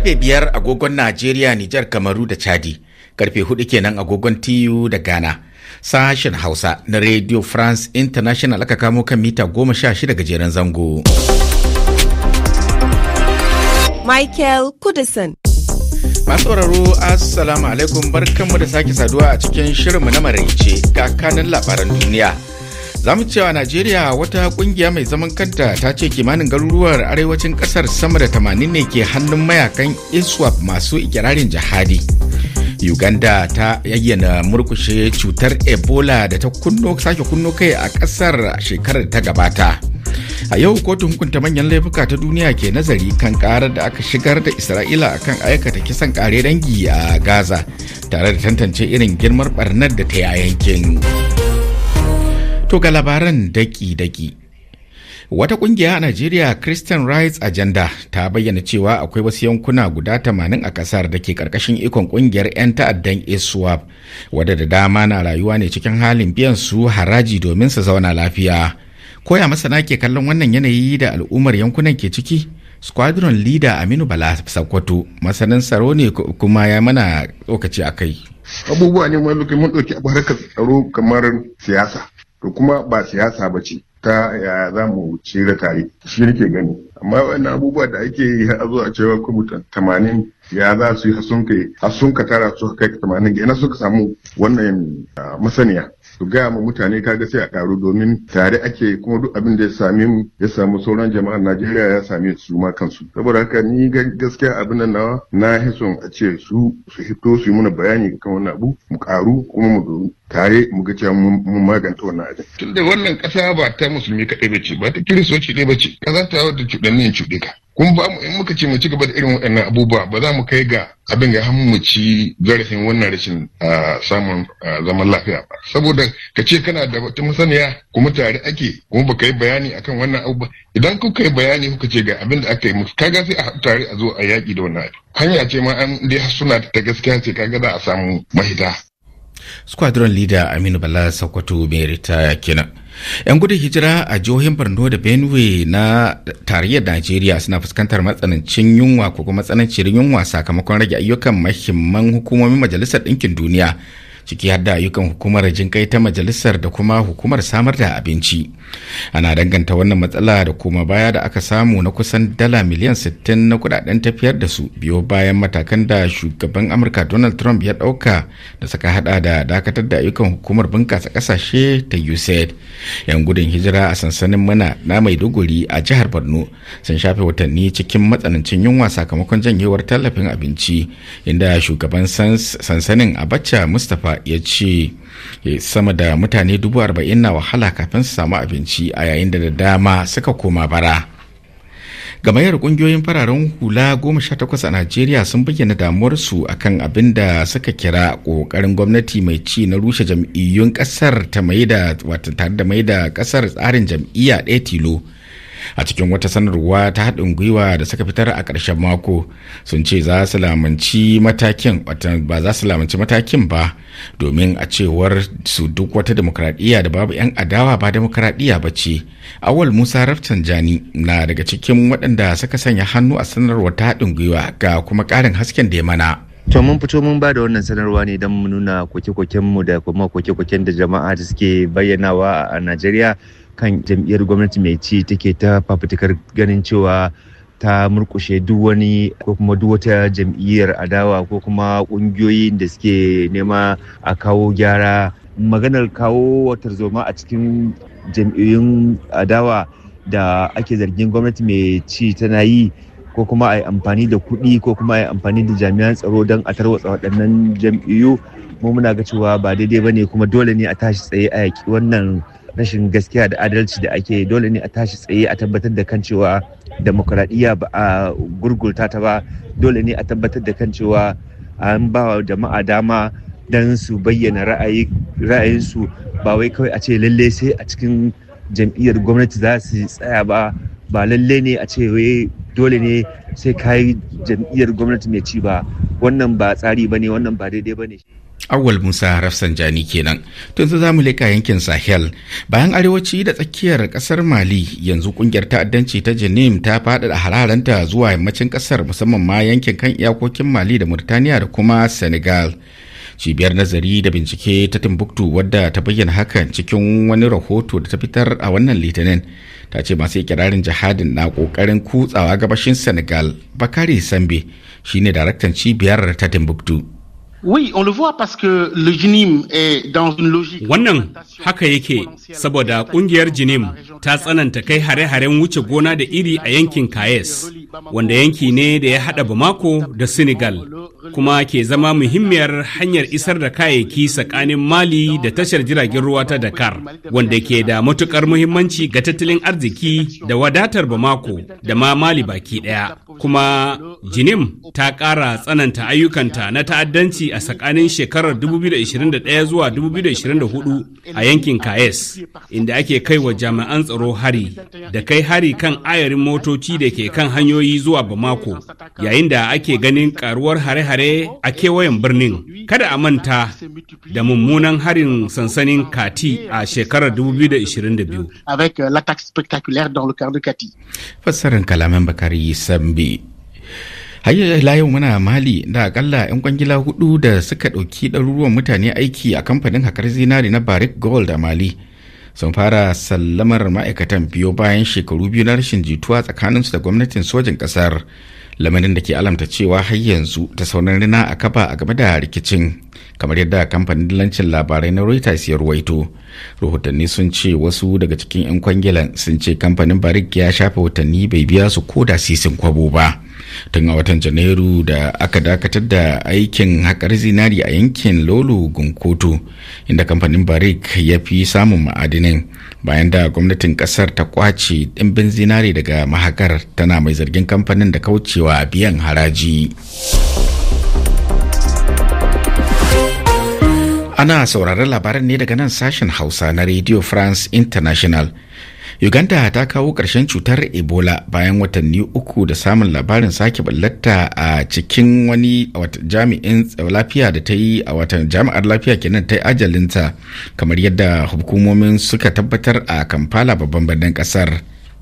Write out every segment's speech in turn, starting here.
karfe biyar agogon Najeriya, Nijar, Kamaru da Chadi, karfe hudu kenan agogon TU da Ghana. Sashen Hausa na Radio France International aka kamo kan mita goma sha shida gajeren zango. Michael Kudison. Masu sauraro Assalamu alaikum barkanmu da sake saduwa a cikin shirinmu na maraice ga kanin labaran duniya. za mu cewa najeriya wata kungiya mai zaman kanta ta ce kimanin garuruwar arewacin kasar sama da tamanin ne ke hannun mayakan iswap masu ikirarin jihadi uganda ta yayyana murkushe cutar ebola da ta kunno sake kunno kai a kasar shekarar ta gabata a yau kotun hukunta manyan laifuka ta duniya ke nazari kan karar da aka shigar da isra'ila akan aikata kisan kare dangi a gaza tare da tantance irin girmar barnar da ta yi a yankin. To ga labaran daki-daki. Wata kungiya a Najeriya Christian Rights Agenda ta bayyana cewa akwai wasu yankuna guda 80 a kasar da ke karkashin ikon kungiyar 'yan ta'addan ISWAP wadda da dama na rayuwa ne cikin halin biyan su haraji domin su zauna lafiya. Koya masana ke kallon wannan yanayi da al'ummar yankunan ke ciki? Squadron Leader Aminu Bala Sakwato masanin tsaro ne kuma ya mana tsokaci a kai. abubuwa ne wani mun ɗauki abu harkar tsaro kamar siyasa to kuma ba siyasa ba ce ta ya za mu cire tare shi nake gani amma wannan abubuwa da ake yi a zuwa cewa kwamitan tamanin ya za su yi hasunka tara su kai tamanin ga ina suka samu wannan ah, masaniya su gaya ma mutane kaga sai a karu domin tare ake kuma duk abin da ya sami mu ya samu sauran jama'ar Najeriya ya same su ma kansu saboda haka ni gaskiya abin nan nawa na hison a ce su su hito su yi mana bayani kan wannan abu mu karu kuma mu tare mu ga cewa mun maganta wannan abin. Tunda wannan kasa ba ta musulmi kadai bace ba ta kiristoci ne ba ce ta wadda cuɗannin cuɗe kun ba in muka ce mu ci gaba da irin waɗannan abubuwa ba za mu kai ga abin ga mu ci zarafin wannan rashin samun zaman lafiya ba saboda ka ce kana da wata masaniya kuma tare ake kuma ka yi bayani akan wannan abubuwa idan kuka yi bayani kuka ce ga abin da aka yi musu kaga sai a tare a zo a yaƙi da wannan hanya ce ma an dai suna ta gaskiya ce kaga za a samu mahita squadron leader aminu bala sokoto mai ritaya kenan 'Yan gudun hijira a jihohin Borno da Benue na tarayyar Najeriya suna fuskantar matsanancin yunwa ko kuma matsanancin yunwa sakamakon rage ayyukan mahimman hukumomin Majalisar Ɗinkin Duniya ciki har da ayyukan hukumar jinkai ta majalisar da kuma hukumar samar da abinci ana danganta wannan matsala da kuma baya da aka samu na kusan dala miliyan 60 na kudaden tafiyar da su biyo bayan matakan da shugaban amurka donald trump ya dauka da saka hada da dakatar da ayyukan hukumar bunkasa kasashe ta usaid yan gudun hijira a sansanin mana na maiduguri a jihar borno sun shafe watanni cikin matsanancin yunwa sakamakon janyewar tallafin abinci inda shugaban sansanin abacha mustapha ba ya ce eh, sama da mutane dubu arba'in na wahala kafin su samu abinci a yayin da da dama suka koma bara. Gamayyar kungiyoyin fararen hula goma sha takwas a Najeriya sun bayyana damuwarsu akan abin da suka kira ƙoƙarin gwamnati mai ci na rushe jam'iyyun ƙasar ta mai da tare da mai da kasar tsarin jam'iyya ɗaya tilo. a cikin wata sanarwa ta haɗin gwiwa da suka fitar a ƙarshen mako sun ce za su lamunci matakin ba za su lamunci matakin ba domin a cewar su duk wata demokradiyya da babu 'yan adawa ba demokradiyya ba ce awal musa jani na daga cikin waɗanda suka sanya hannu a sanarwar ta haɗin gwiwa ga kuma ƙarin hasken da ya mana to mun fito mun ba wannan sanarwa ne don mu nuna koke mu da kuma koke-koken da jama'a da suke bayyanawa a najeriya kan jam'iyyar gwamnati mai ci take ta fafutukar ganin cewa ta murkushe duk wani ko kuma duk wata jam'iyyar adawa ko kuma ƙungiyoyin da suke nema a kawo gyara maganar kawo tarzoma a cikin jam'iyyun adawa da ake zargin gwamnati mai ci tana yi ko kuma a yi amfani da kuɗi ko kuma a yi amfani da jami'an tsaro don a tarwatsa waɗannan jam'iyyu mu muna ga cewa ba daidai ba ne kuma dole ne a tashi tsaye a yaƙi wannan rashin gaskiya da adalci da ake dole ne a tashi tsaye a tabbatar da kan cewa demokuraɗiyya ba a gurgurta ta ba dole ne a tabbatar da kan cewa an ba wa jama'a dama don su bayyana ra'ayinsu ba wai kawai a ce lalle sai a cikin jam'iyyar gwamnati za su tsaya ba ba lalle ne a ce wai dole ne sai kayi jam'iyyar gwamnati mai ci ba wannan ba tsari ba ne wannan ba daidai ba ne. Awal musa rafsanjani kenan yanzu za mu leka yankin sahel bayan arewaci da tsakiyar kasar mali yanzu kungiyar ta'addanci ta janim ta faɗaɗa hararanta zuwa yammacin kasar musamman ma yankin kan iyakokin mali da murtaniya da kuma senegal cibiyar nazari da bincike ta timbuktu wadda ta bayyana hakan cikin wani rahoto da ta fitar a wannan litinin ta ce masu ikirarin jihadin na kokarin kutsawa gabashin senegal bakari sambe shine daraktan cibiyar ta timbuktu Wannan haka yake saboda ƙungiyar Jinim ta tsananta kai hare-haren wuce gona da iri a yankin Kayes, wanda yanki ne da ya haɗa Bamako da Senegal, kuma ke zama muhimmiyar hanyar isar da kayayyaki tsakanin Mali da tashar jiragen ruwa ta Dakar, wanda ke da matuƙar muhimmanci ga tattalin arziki da wadatar Bamako da ma Mali baki ɗaya. Kuma Jinim ta ƙara tsananta ayyukanta na ta'addanci a tsakanin shekarar 2021 zuwa 2024 a yankin Kayes, inda ake kai wa jami'an tsaro hari da kai hari kan ayarin motoci da ke kan hanyoyi zuwa Bamako, yayin da ake ganin karuwar hare-hare a kewayen birnin. Kada a manta da mummunan harin sansanin Kati a shekarar 2022. Euh, Fassarin kalaman Bakari Sambi har ila yau muna mali da akalla 'yan kwangila hudu da suka ɗauki ɗaruruwan mutane aiki a kamfanin hakar zinari na barrick gold a mali sun fara sallamar ma'aikatan biyo bayan shekaru biyu na rashin jituwa tsakanin su da gwamnatin sojin ƙasar lamarin da ke alamta cewa har yanzu ta sauran rina a kaba a game da rikicin kamar yadda kamfanin dillancin labarai na reuters ya ruwaito rahotanni sun ce wasu daga cikin 'yan kwangilan sun ce kamfanin barik ya shafe watanni bai biya su ko da sisin kwabo ba tun a watan janairu da aka dakatar da aikin haƙar zinari a yankin lolo gunkoto inda kamfanin barik ya fi samun ma'adinin bayan da gwamnatin ƙasar ta kwace ɗimbin zinari daga mahakar tana mai zargin kamfanin da kaucewa biyan haraji. ana sauraron labaran ne daga nan sashen hausa na radio france international uganda ta kawo karshen cutar ebola bayan watanni uku da samun labarin sake ballatta a cikin wani jami'in lafiya da ta yi a watan jami'ar lafiya kenan ta yi ajalinta kamar yadda hukumomin suka tabbatar a kampala babban birnin kasar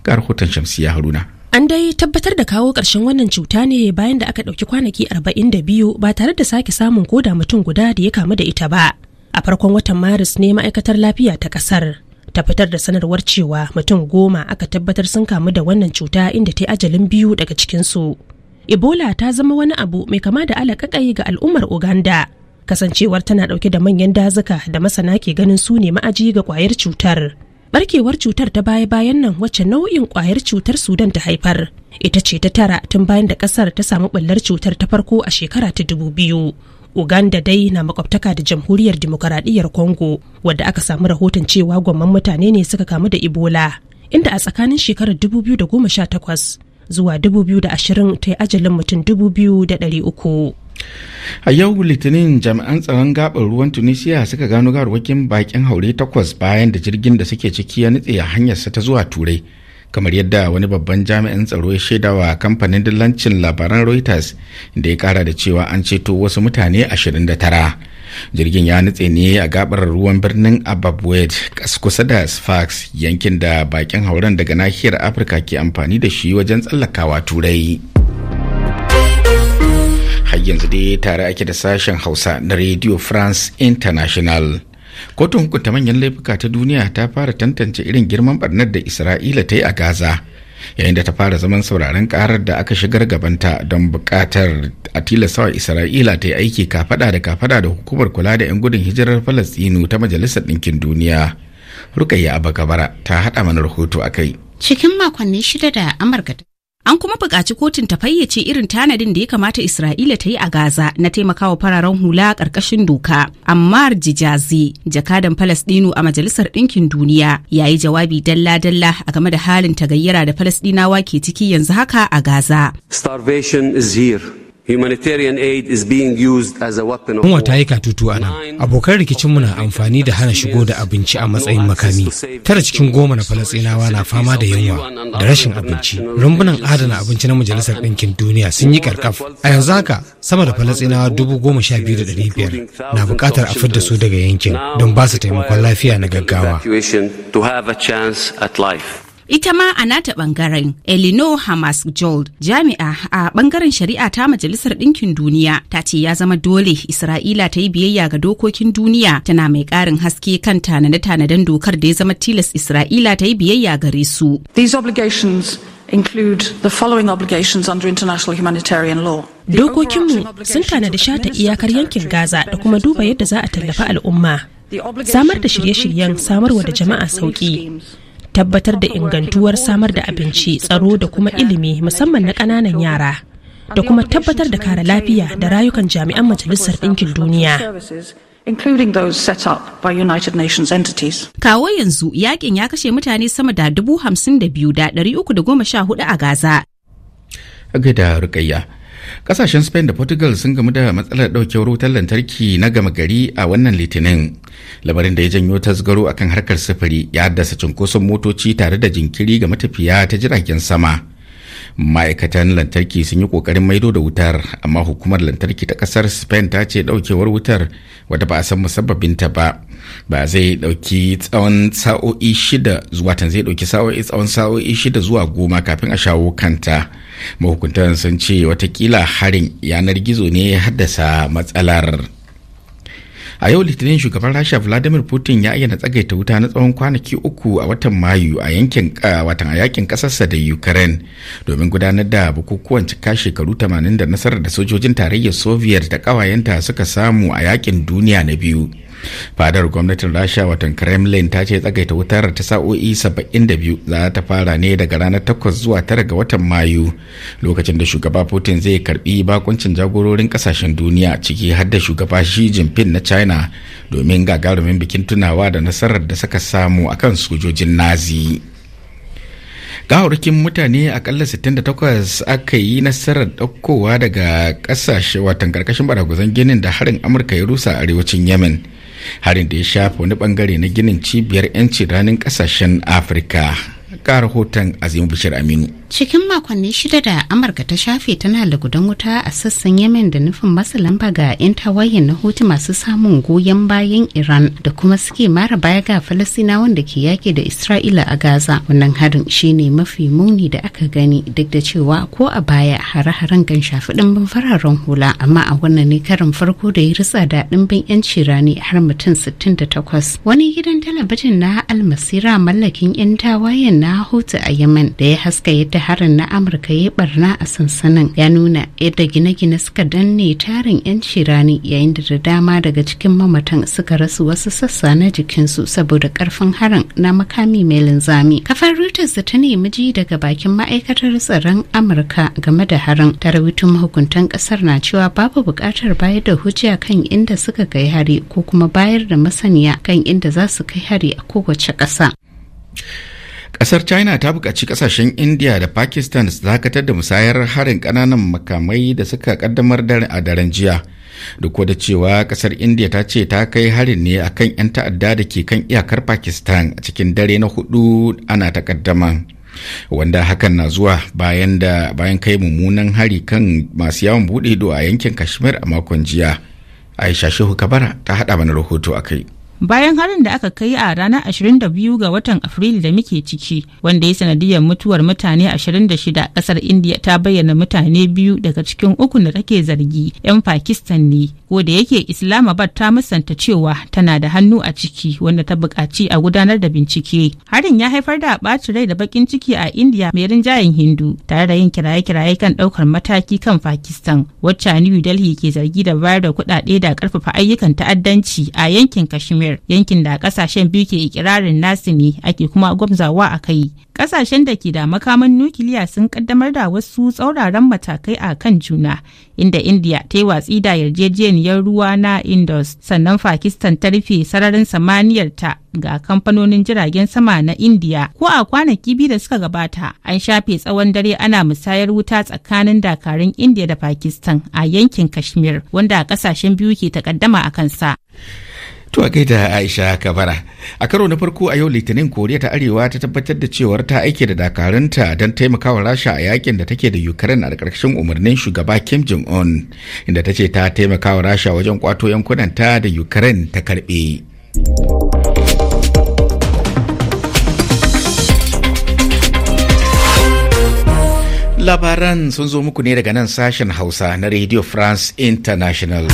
ga rahoton shamsiya haruna An dai tabbatar da kawo karshen wannan cuta ne bayan da aka ɗauki kwanaki 42 ba tare da sake samun koda mutum guda da ya kamu da ita ba. a farkon watan maris ne ma'aikatar lafiya ta kasar ta fitar da sanarwar cewa mutum goma aka tabbatar sun kamu da wannan cuta inda ta yi ajalin biyu daga cikinsu ebola ta zama wani abu mai kama da alaƙaƙai ga al'ummar uganda kasancewar tana ɗauke da manyan dazuka da masana ke ganin su ne ma'aji ga kwayar cutar barkewar cutar ta baya-bayan nan wacce nau'in kwayar cutar sudan ta haifar ita ce ta tara tun bayan da kasar ta samu ɓullar cutar ta farko a shekara ta dubu biyu Uganda dai na makwabtaka da jamhuriyar demokaradiyyar Congo wadda aka samu rahoton cewa gwamman mutane ne suka kamu da Ebola inda a tsakanin shekarar 2018 zuwa 2020 ta yi ajalin mutum 2,300. a yau litinin jami'an tsaron gabar ruwan tunisia suka gano garwakin bakin haure takwas bayan da jirgin da suke ciki ya nutse a hanyarsa ta zuwa turai kamar yadda wani babban jami'in tsaro ya shaida wa kamfanin dillancin labaran reuters da ya kara da cewa an ceto wasu mutane 29 jirgin ya nutse ne a gabar ruwan birnin ababwed kusa da sfax yankin da bakin hauren daga nahiyar afirka ke amfani da shi wajen tsallakawa turai har yanzu dai tare ake da sashen hausa na radio france international kotun hukunta manyan laifuka ta duniya ta fara tantance irin girman barnar da isra'ila ta yi a gaza yayin da ta fara zaman sauraron karar da aka shigar gabanta don bukatar a tilastawa isra'ila ta yi aiki kafada da kafada da hukumar kula da 'yan gudun hijirar falastinu ta majalisar ɗinkin duniya rukayya abagabara ta haɗa mana rahoto a kai cikin makonni shida da amurka An kuma buƙaci kotun ta fayyace irin tanadin da ya kamata Isra'ila ta yi a Gaza na taimakawa fararen hula ƙarƙashin doka. Ammar Jijazi, jakadan Falasɗinu a Majalisar Ɗinkin Duniya, ya yi jawabi dalla-dalla a game da halin tagayyara da Falasɗinawa ke ciki yanzu haka a Gaza. Starvation is here. Kuma ta yi katutu a nan, abokan rikicinmu na amfani da hana shigo da abinci a matsayin makami. Tara cikin goma na Falasɗinawa na fama da yunwa da rashin abinci. Rumbunan adana abinci na Majalisar Ɗinkin Duniya sun yi karkaf. A yanzu haka, sama da Falasɗinawa dubu goma sha biyu da ɗari biyar na buƙatar a fidda su daga yankin don ba su taimakon lafiya na gaggawa. Ita ma a nata bangaren Elino Hamas Jold jami'a a bangaren shari'a ta Majalisar Ɗinkin Duniya ta ce ya zama dole Isra'ila ta yi biyayya ga dokokin duniya tana mai ƙarin haske kan tanade-tanaden dokar da ya zama tilas Isra'ila ta yi biyayya gare su. include the following obligations under international humanitarian law. Dokokinmu sun tanadi shata iyakar yankin Gaza da kuma duba yadda za a tallafa al'umma. Samar da shirye-shiryen samarwa da jama'a sauƙi. tabbatar da ingantuwar samar da abinci tsaro da kuma ilimi musamman na ƙananan yara da kuma tabbatar da kare lafiya da rayukan jami'an majalisar ɗinkin duniya including those set up by United Nations entities. Kawo yanzu yakin ya kashe mutane sama da dubu hamsin da biyu da ɗari uku da goma sha hudu a Gaza. Gada kasashen spain da portugal sun gamu da matsalar ɗaukewar wutar lantarki na gama gari a wannan litinin labarin da ya janyo tasgaro a kan harkar sufuri ya haddasa cunkoson motoci tare da jinkiri ga matafiya ta jiragen sama ma'aikatan lantarki sun yi kokarin maido da wutar amma hukumar lantarki ta kasar spain ta ce daukewar wutar wadda ba a san musabbabinta ba ba zai dauki tsawon sa'o'i shida zuwa tan zai dauki sa'o'i tsawon sa'o'i shida zuwa goma kafin a shawo kanta mahukuntan sun ce watakila harin yanar gizo ne ya haddasa matsalar a yau litinin shugaban rasha vladimir putin ya ayyana tsagaita wuta na tsawon kwanaki uku a watan mayu a yankin watan a yakin kasarsa da ukraine domin gudanar da bukukuwan cika shekaru tamanin da nasarar da sojojin tarayyar soviet da kawayenta suka samu a yakin duniya na biyu fadar gwamnatin rasha watan kremlin ta ce tsagaita wutar ta sa'o'i 72 za ta fara ne daga ranar 8 zuwa tara ga watan mayu lokacin da shugaba putin zai karbi bakuncin jagororin kasashen duniya ciki har da shugaba shi jinping na china domin gagarumin bikin tunawa da nasarar da suka samu akan sojojin nazi gawarkin mutane akalla 68 aka yi nasarar daukowa daga ƙasashe watan karkashin baragwazon ginin da harin amurka ya rusa arewacin yemen harin da ya shafa wani bangare na ginin cibiyar yancin ranar kasashen afirka ga rahoton azim bishir aminu cikin makonni shida da amurka ta shafe tana gudan wuta a sassan yemen da nufin masu lamba ga 'yan tawayen na hutu masu samun goyon bayan iran da kuma suke mara baya ga falasina wanda ke yaki da isra'ila a gaza wannan harin shine mafi muni da aka gani duk da cewa ko a baya hare-haren kan shafi ɗimbin fararen hula amma a wannan ne karin farko da ya ritsa da ɗimbin 'yanci rani har mutum sittin da 68 wani gidan talabijin na almasira mallakin 'yan tawayen na hutu a yemen da ya haska yadda da harin na amurka ya barna a sansanin ya nuna yadda gine-gine suka danne tarin 'yanci rani yayin da da dama daga cikin mamatan suka rasu wasu sassa na jikinsu saboda karfin harin na makami mai linzami kafar reuters da ta nemi ji daga bakin ma'aikatar tsaron amurka game da harin ta rawaito mahukuntan kasar na cewa babu bukatar bayar da hujja kan inda suka kai hari ko kuma bayar da masaniya kan inda za su kai hari a kowace ƙasa. Ƙasar China ta buƙaci ƙasashen India da Pakistan su dakatar da musayar harin ƙananan makamai da suka kaddamar a daren jiya. Duk da cewa ƙasar India ta ce ta kai harin ne a kan 'yan ta'adda da ke kan iyakar Pakistan a cikin dare na hudu ana takaddama. wanda hakan na zuwa bayan da bayan kai mummunan hari kan masu yawon bude ido a yankin kashmir a makon jiya aisha shehu kabara ta haɗa mana rahoto a kai bayan harin da aka kai a ranar 22 ga watan afrilu da muke ciki wanda ya sanadiyar mutuwar mutane 26 kasar india ta bayyana mutane biyu daga cikin uku da take zargi 'yan pakistan ne ko yake islamabad ta musanta cewa tana da hannu a ciki wanda ta buƙaci a gudanar da bincike harin ya haifar da ɓacin rai da baƙin ciki a india mai rinjayen hindu tare da yin kiraye-kiraye kan ɗaukar mataki kan pakistan wacce new delhi ke zargi da bayar da kuɗaɗe da ƙarfafa ayyukan ta'addanci a yankin kashmir kashmir yankin da kasashen biyu ke ikirarin nasu ne ake kuma gwamzawa a kai kasashen da ke da makaman nukiliya sun kaddamar da wasu tsauraran matakai a kan juna inda india ta yi watsi da yarjejeniyar ruwa na indus sannan pakistan ta rufe sararin samaniyar ta ga kamfanonin jiragen sama na india ko a kwanaki biyu da suka gabata an shafe tsawon dare ana musayar wuta tsakanin dakarun india da pakistan a yankin kashmir wanda kasashen biyu ke takaddama a kansa To a gaida Aisha Kabara. A karo na farko a yau Litinin Koriya ta Arewa ta tabbatar da cewar ta aike da dakarunta don taimakawa Rasha a yakin da take da Ukraine a ƙarƙashin umarnin shugaba Kim Jong-un, inda ta ce ta taimakawa Rasha wajen kwato ta da Ukraine ta karɓe. Labaran sun zo muku ne daga nan sashen Hausa na Radio France International.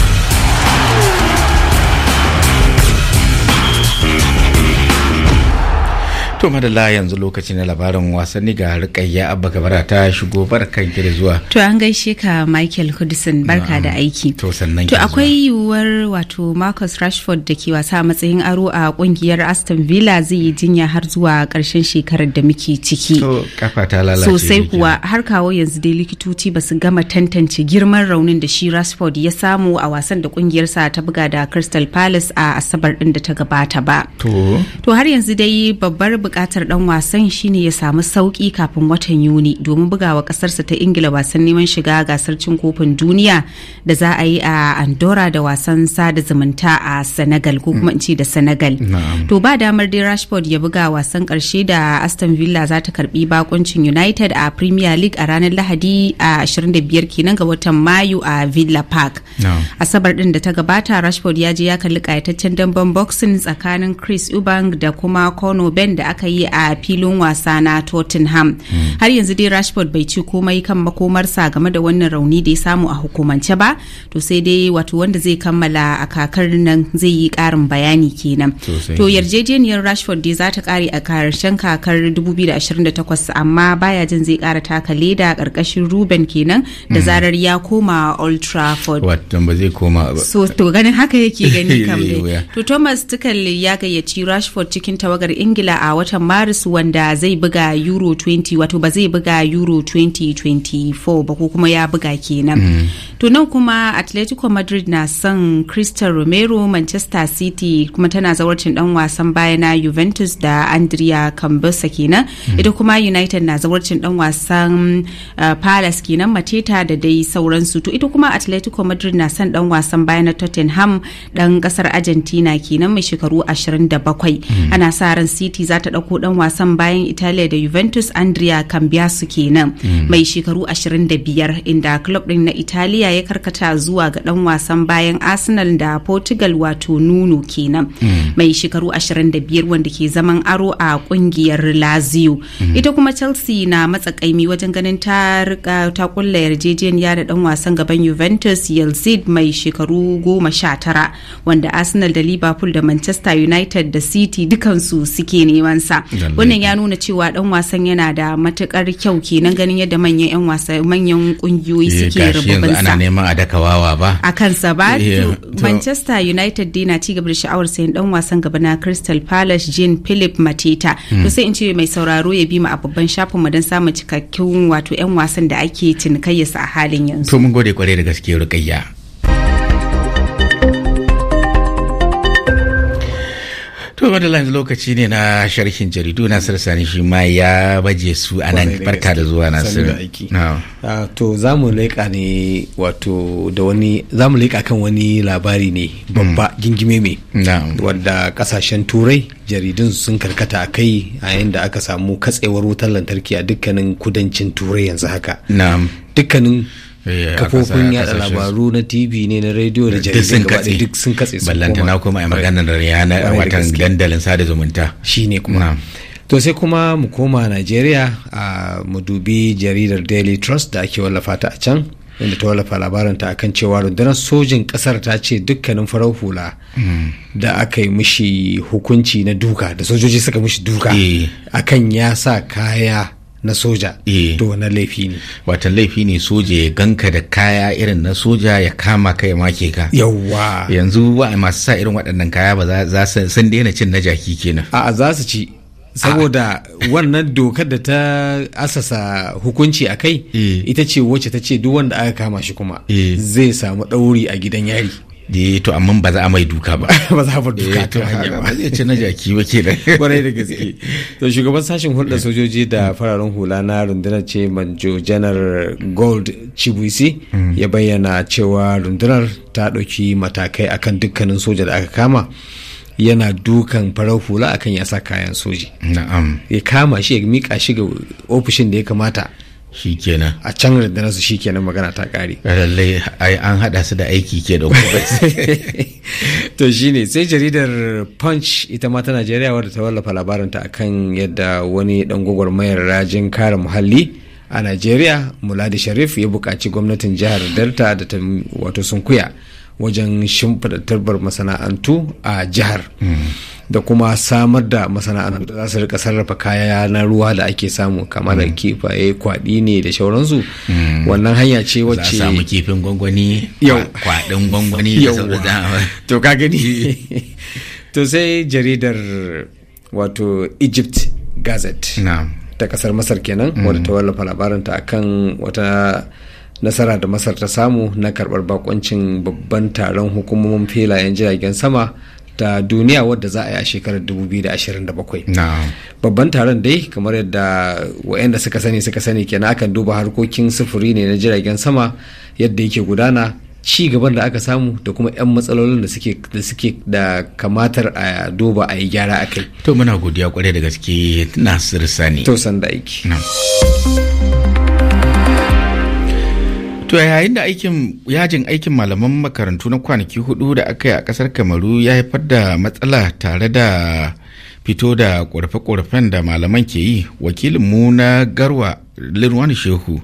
To madalla yanzu lokaci na labarin wasanni ga rikayya abba gabara ta shigo barkan ki zuwa. To an gaishe ka Michael Hudson barka da aiki. To sannan To akwai yiwuwar wato Marcus Rashford da ke wasa matsayin aro a kungiyar Aston Villa zai yi jinya har zuwa karshen shekarar da muke ciki. To kafa ta lalace. Sosai kuwa har kawo yanzu dai likitoci ba su gama tantance girman raunin da shi Rashford ya samu a wasan da sa ta buga da Crystal Palace a Asabar din da ta gabata ba. To. To har yanzu dai babbar bukatar dan wasan shine ya samu sauki kafin watan Yuni domin bugawa kasarsa ta Ingila wasan neman shiga gasar cin kofin duniya da za a yi a Andorra da wasan sada zumunta a Senegal ko kuma in ce da Senegal. To ba damar dai Rashford ya buga wasan karshe da Aston Villa za ta karbi bakuncin United a Premier League a ranar Lahadi a 25 kenan ga watan Mayu a Villa Park. Asabar din da ta gabata Rashford ya je ya kalli kayataccen damben boxing tsakanin Chris ubang da kuma Conor Ben da aka aka yi a filin wasa na tottenham hmm. har yanzu dai rashford bai ci komai kan makomarsa game da wannan rauni da ya samu a hukumance ba to sai dai wato wanda zai kammala a kakar nan zai yi karin bayani kenan to yarjejeniyar rashford dai za ta kare a karshen kakar 2028 amma baya jin zai kara taka leda karkashin ruben kenan da hmm. zarar ya koma old trafford ba zai koma ba so to ganin haka yake gani kam to thomas tuchel ya gayyaci rashford cikin tawagar ingila a wata watan maris wanda zai buga euro 20 wato ba zai buga euro 2024 ba ko kuma ya buga kenan mm. tunan kuma atletico madrid na son crystal romero manchester city kuma tana zawarcin dan wasan baya na juventus da andrea cambosa kenan hmm. ita kuma united na zawarcin dan wasan uh, palace kenan mateta da dai sauransu to ita kuma atletico madrid na son dan wasan baya na tottenham dan kasar argentina kenan mai shekaru 27 hmm. ana sa ran city za ta dauko dan wasan bayan italiya da juventus andrea cambiasu kenan hmm. mai shekaru 25 inda club din na italiya ya karkata zuwa ga dan wasan bayan Arsenal da Portugal wato Nuno kenan mm. mai shekaru 25 wanda ke zaman aro a kungiyar Lazio. Mm. Ita kuma Chelsea na matsakaimi wajen ganin ta rika kulla yarjejeniya da dan wasan gaban Juventus yelzid mai shekaru 19 wanda Arsenal da Liverpool da Manchester United da City dukansu suke neman sa. Wannan ya nuna cewa dan wasan yana da matukar kyau kenan ganin yadda manyan yan wasa manyan kungiyoyi eh, suke rububin sa. neman a daka wawa ba a kansa ba eh, manchester united dai na cigaba da sha'awar sayan dan wasan gaba na crystal palace jean philip mateta hmm. to sai in ce mai sauraro ya bi mu a babban shafin mu don samun cikakkun wato yan wasan da ake cinikayyarsa a halin yanzu to mun gode kwarai da gaske rukayya To Madalan lokaci ne na sharhin jaridu na Sani shi ma ya baje su a nan barka da zuwa na sirri. To za mu leƙa ne wato da wani za mu leƙa kan wani labari ne babba mm. gingime me. Wadda kasashen turai jaridun sun karkata a kai a yayin da aka samu katsewar wutar lantarki a dukkanin kudancin turai yanzu haka. Dukkanin Eh, kafofin yada labaru na tv ne na rediyo da jaridun gaba duk sun katse su ballanta na kuma a maganar yana watan dandalin sada zumunta shine kuma to sai kuma mu koma najeriya a mu dubi jaridar daily trust da ake wallafa ta a can inda ta wallafa labarin ta akan cewa rundunar sojin kasar ta ce dukkanin farar hula hmm. da aka yi mishi hukunci na duka da sojoji suka mishi duka eh. akan ya sa kaya na soja eh. to na laifi ne wata laifi ne soja ya ganka da kaya irin na soja ya kama ka ya make ka yawwa yanzu wa masu sa irin waɗannan kaya ba za su san daina cin na jaki kenan a'a za su ci saboda wannan dokar da ta asasa hukunci a kai eh. ita ce wacce ta ce duk wanda aka kama shi kuma eh. zai samu ɗauri a gidan yari Eh, to amma ba za a mai duka ba ba za a bar duka ta eh, hanya ba zai ce na jaki ba ke nan kwarai da gaske to shugaban sashen hulɗar eh. sojoji da fararen hula na rundunar ce manjo janar gold chibuisi hmm. ya bayyana cewa rundunar ta ɗauki matakai akan dukkanin soja da aka kama yana dukan farar hula akan ya sa kayan soji ya kama shi ya mika shi ga ofishin da ya kamata shikenan a can rundunar su shikenan magana ta kare lallai an hada su da aiki ke da to shi ne sai jaridar punch ita ma ta najeriya wadda ta wallafa labarinta akan yadda wani dan gwagwarmayar rajin kare muhalli a najeriya muladi sharif ya buƙaci gwamnatin jihar delta da ta wato sunkuya wajen shimfiɗa turbar masana'antu a jihar da kuma samar da masana'antu da za su rika sarrafa kaya na ruwa da ake samu kamar da mm. kifaye kwaɗi ne da shauransu mm. wannan hanya ce wacce za samu kifin gwangwani kwaɗin gwangwani da to ka gani to sai jaridar wato egypt gazette ta kasar masar kenan wadda ta mm. wallafa labarinta akan wata nasara da masar ta samu na karbar bakoncin babban taron hukumomin filayen jiragen sama ta duniya wadda za a yi a shekarar 2027 babban taron dai kamar yadda wa'anda suka sani suka sani kenan akan duba harkokin sufuri ne na jiragen sama yadda yake gudana ci gaban da aka samu da kuma 'yan matsalolin da suke da suke da kamatar a duba a yi gyara a kai to muna godiya kwarai da gaske na sani to sanda aiki To yayin da aikin yajin aikin malaman makarantu na kwanaki hudu da aka yi a kasar Kamaru ya haifar da matsala tare da fito da ƙorafe-ƙorafen da malaman ke yi wakilinmu na garwa Lirwan Shehu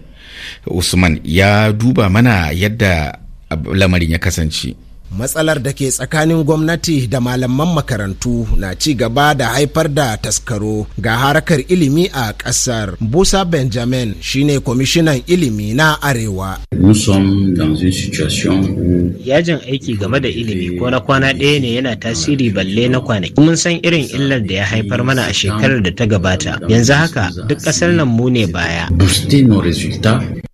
Usman ya duba mana yadda lamarin ya kasance. matsalar da ke tsakanin gwamnati da malaman makarantu na ci gaba da haifar da taskaro ga harkar ilimi a ƙasar busa benjamin shine kwamishinan ilimi na arewa yajin aiki game da ilimi ko na kwana ɗaya ne yana tasiri balle na kwanaki mun san irin illar da ya haifar mana a shekarar da ta gabata yanzu haka duk ƙasar nan mu ne baya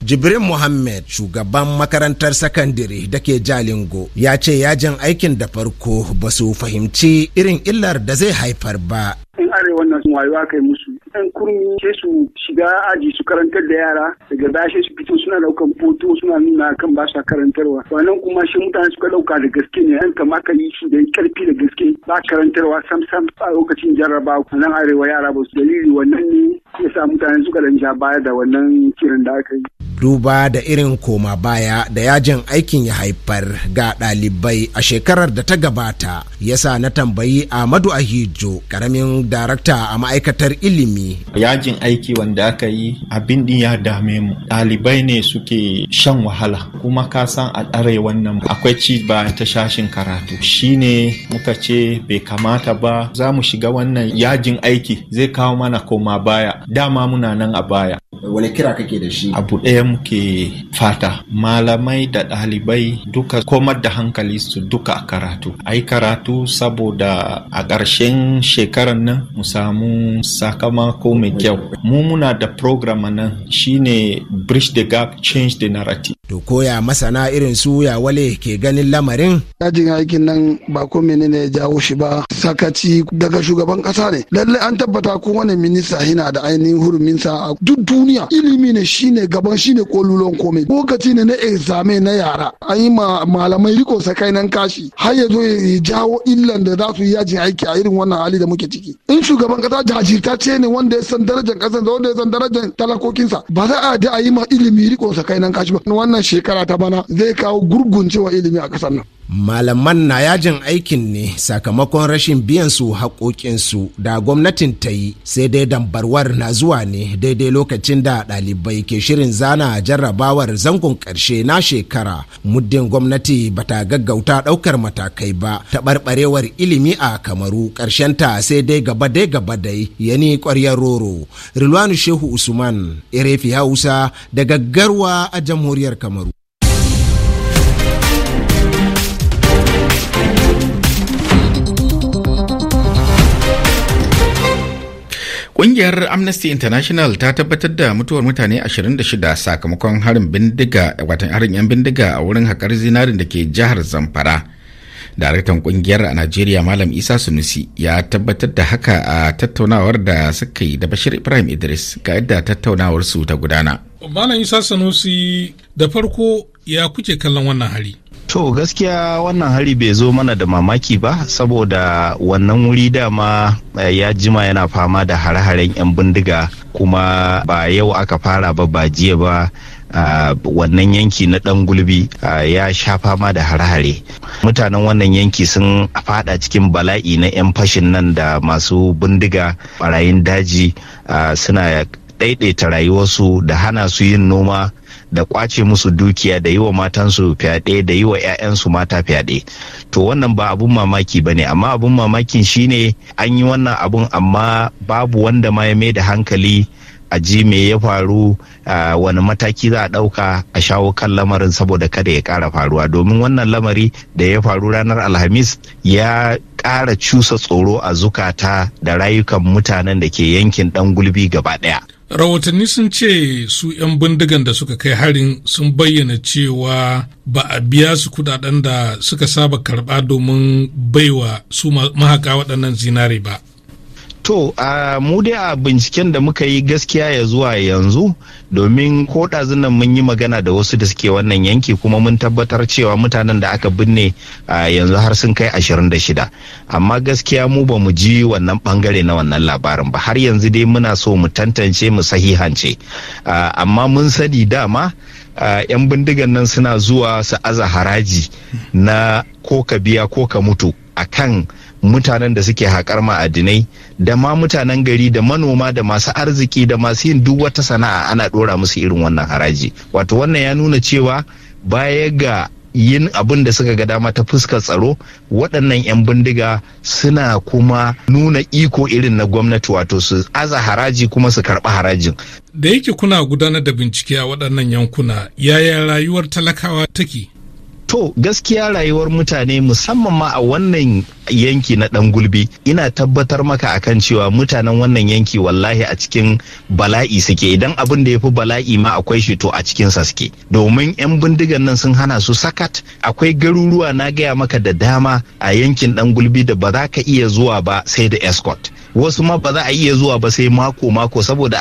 jibrin muhammad shugaban makarantar sakandare da ke jalingo ya ce yajin aikin da farko ba su fahimci irin illar da zai haifar ba in arewa sun wayo aka yi musu ɗan kurmi sai su shiga aji su karantar da yara daga baya su fito suna daukan foto suna nuna kan ba sa karantarwa wannan kuma shi mutane suka dauka da gaske ne yan kama ka yi shi da karfi da gaske ba karantarwa sam sam a lokacin jarraba nan arewa yara ba su dalili wannan ne ya sa mutane suka dan ja baya da wannan kiran da aka yi duba da irin koma baya da yajin aikin ya haifar ga ɗalibai a shekarar da ta gabata ya sa na tambayi ahmadu ahijo karamin darakta a ma'aikatar ilimi yajin aiki wanda aka yi abin din ya dame mu ɗalibai ne suke shan wahala kuma ka san a ɗare wannan akwai ci ba ta shashin karatu Shi ne, muka ce bai kamata ba za mu shiga wannan yajin aiki zai kawo mana koma baya dama muna nan a baya wani kira kake da shi abu ɗaya ke fata malamai da ɗalibai duka komar da hankali su duka a karatu a yi karatu saboda a ƙarshen shekarar nan mu samu sakamako mai kyau mu muna da program nan shine bridge the gap change the narrative to koya masana irin su ya wale ke ganin lamarin ajin aikin nan ba ko menene ya jawo shi ba sakaci daga shugaban kasa ne lalle an tabbata wani minista yana da ainihin huruminsa a duk duniya ilimi ne shine gaban shi ne kolulon komai lokaci ne na exame na yara an yi malamai riko sakainan kashi har ya zo ya jawo illan da za su yi yajin aiki a irin wannan hali da muke ciki in shugaban kasa jajirta ce ne wanda ya san darajar kasar da wanda ya san darajar talakokinsa ba za a da a yi ma ilimi riko sakainan kashi ba wannan shekara ta bana zai kawo gurguncewa ilimi a kasar nan malaman na yajin aikin ne sakamakon rashin biyan su haƙoƙinsu da gwamnatin ta yi sai dai dambarwar na zuwa ne daidai lokacin da ɗalibai ke shirin zana jarrabawar zangon ƙarshe na shekara muddin gwamnati bata gaggauta ɗaukar matakai ba Ta ɓarɓarewar ilimi a kamaru ƙarshen ta sai dai gaba dai gaba dai yani ƙwaryar roro rilwanu shehu usman erefi hausa daga garwa a jamhuriyar kamaru Ƙungiyar Amnesty International ta tabbatar da mutuwar mutane 26 sakamakon harin bindiga watan harin 'yan bindiga a wurin haƙar zinarin da ke jihar Zamfara. Daraktan ƙungiyar a Najeriya Malam Isa Sunusi ya tabbatar da haka a tattaunawar da suka yi da Bashir Ibrahim Idris ga yadda tattaunawar su ta gudana. Malam Isa Sunusi da farko ya kuke kallon wannan hari? To gaskiya wannan hari bai zo mana da mamaki ba saboda wannan wuri dama eh, ya jima yana fama da hare-haren 'yan bindiga kuma ba yau aka fara ba ba jiya ba wannan yanki na dan gulbi ya sha fama da hare-hare mutanen wannan yanki sun fada cikin bala'i na 'yan fashin nan da masu bindiga barayin daji suna ɗaiɗaita rayuwarsu da hana su yin noma da kwace musu dukiya da yi wa matansu fyaɗe da yi wa 'ya'yansu mata fyaɗe to wannan ba abun mamaki ba ne amma abun mamakin shine an yi wannan abun amma babu wanda ma ya mai da hankali a ji me ya faru wani mataki za a ɗauka a shawo kan lamarin saboda kada ya ƙara faruwa domin wannan lamari da ya faru ranar alhamis ya ƙara cusa tsoro a zukata da rayukan mutanen da ke yankin ɗan gulbi gaba ɗaya. rahotanni sun ce su 'yan bindigan da suka kai harin sun bayyana cewa ba a biya su kudaden da suka saba karba domin baiwa su mahaƙa waɗannan zinare ba To, mu dai a binciken da muka yi gaskiya ya zuwa yanzu domin ko nan mun yi magana da wasu da suke wannan yanki kuma mun tabbatar cewa mutanen da aka binne a yanzu har sun kai ashirin da shida Amma gaskiya mu ba mu ji wannan bangare na wannan labarin ba har yanzu dai muna so mu tantance mu sahihance. amma mun sani dama. Uh, 'yan bindigan nan suna zuwa su aza haraji na ko ka biya ko ka mutu akan mutanen da suke haƙar ma'adinai da ma mutanen gari da manoma da masu arziki da masu yin duk wata sana'a ana ɗora musu irin wannan haraji wato wannan ya nuna cewa baya ga yin abin da suka ga dama ta fuskar tsaro waɗannan 'yan bindiga suna kuma nuna iko irin na gwamnati wato su aza haraji kuma su karɓi harajin. Da yake kuna gudanar da bincike a waɗannan yankuna yaya rayuwar talakawa take? To gaskiya rayuwar mutane musamman ma a wannan yanki na ɗan gulbi ina tabbatar maka akan cewa mutanen wannan yanki wallahi a cikin bala'i suke idan abin da ya fi bala'i ma akwai shi to a cikin sa suke domin 'yan bindigan nan sun hana su sakat akwai garuruwa na gaya maka da dama a yankin ɗan gulbi da ba za ka iya zuwa ba sai da escort wasu ma ba za a iya zuwa ba sai mako mako saboda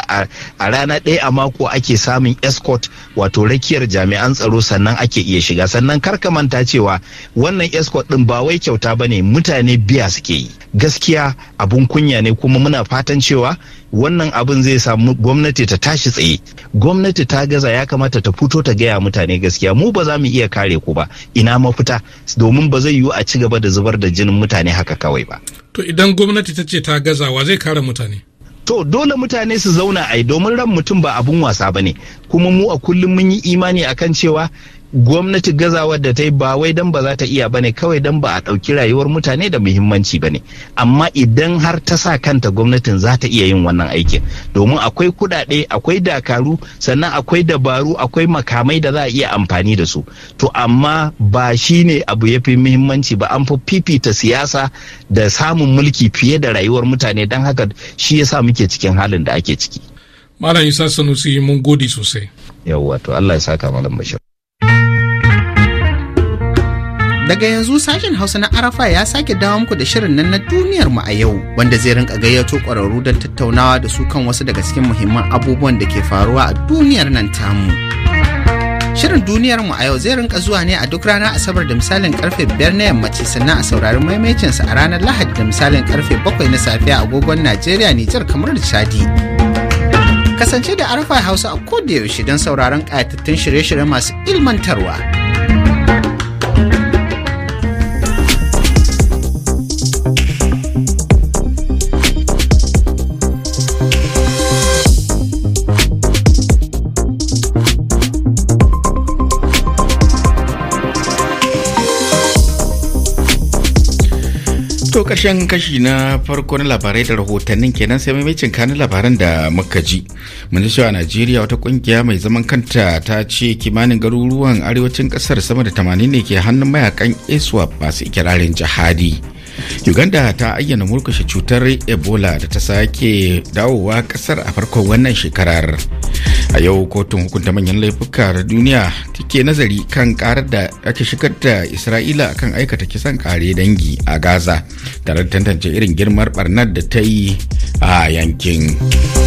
a rana ɗaya a mako ake samun escort wato rakiyar jami'an tsaro sannan ake iya shiga sannan kar ka manta cewa wannan escort din ba wai kyauta ba ne mutane biya suke yi gaskiya abun kunya ne kuma muna fatan cewa wannan abin zai samu gwamnati ta tashi tsaye gwamnati ta gaza ya kamata ta fito ta gaya mutane gaskiya mu ba za mu iya kare ku ba ina mafita domin ba zai yiwu a ci gaba da zubar da jinin mutane haka kawai ba To idan gwamnati ta ce ta gazawa zai kare mutane. To dole mutane su zauna ai domin ran mutum ba abun wasa ba ne, kuma mu a kullum mun yi imani akan cewa gwamnati gazawar da ta yi ba wai dan ba za ta iya bane kawai dan ba a ɗauki rayuwar mutane da muhimmanci bane amma idan har ta sa kanta gwamnatin za ta iya yin wannan aikin domin akwai kuɗaɗe akwai dakaru sannan akwai dabaru akwai makamai da za a iya amfani da su to amma ba shi ne abu ya fi muhimmanci ba an fi fifita siyasa da samun mulki fiye da rayuwar mutane don haka shi yasa muke cikin halin da ake ciki. Malam Isa Sanusi mun gode sosai. Yawwa to Allah ya saka Malam Bashir. Daga yanzu sashen Hausa na Arafa ya sake dawo muku da shirin nan na duniyar mu a yau wanda zai rinka gayyato ƙwararru don tattaunawa da su kan wasu daga cikin muhimman abubuwan da ke faruwa a duniyar nan tamu. Shirin duniyar mu a yau zai rinka zuwa ne a duk ranar Asabar da misalin karfe biyar na yammaci sannan a saurari sa a ranar Lahadi da misalin karfe bakwai na safiya agogon Najeriya, Nijar, kamar da Chadi. kasance da arafa hausa a da yaushe don sauraron ƙayatattun shirye-shirye masu ilmantarwa To ƙarshen kashi na farko na labarai da rahotannin kenan sai maimacin kanin labaran da muka ji. cewa Najeriya wata ƙungiya mai zaman kanta ta ce kimanin garuruwan arewacin ƙasar sama da 80 ne ke hannun mayakan ISWAP masu ikirarin jihadi. uganda ta ayyana murkushe cutar ebola da ta sake dawowa kasar a farkon wannan shekarar a yau kotun hukunta manyan laifuka duniya take nazari kan karar da ake shigar da isra'ila kan aikata kisan kare dangi a gaza tare da tantance irin girmar barnar da ta yi a yankin.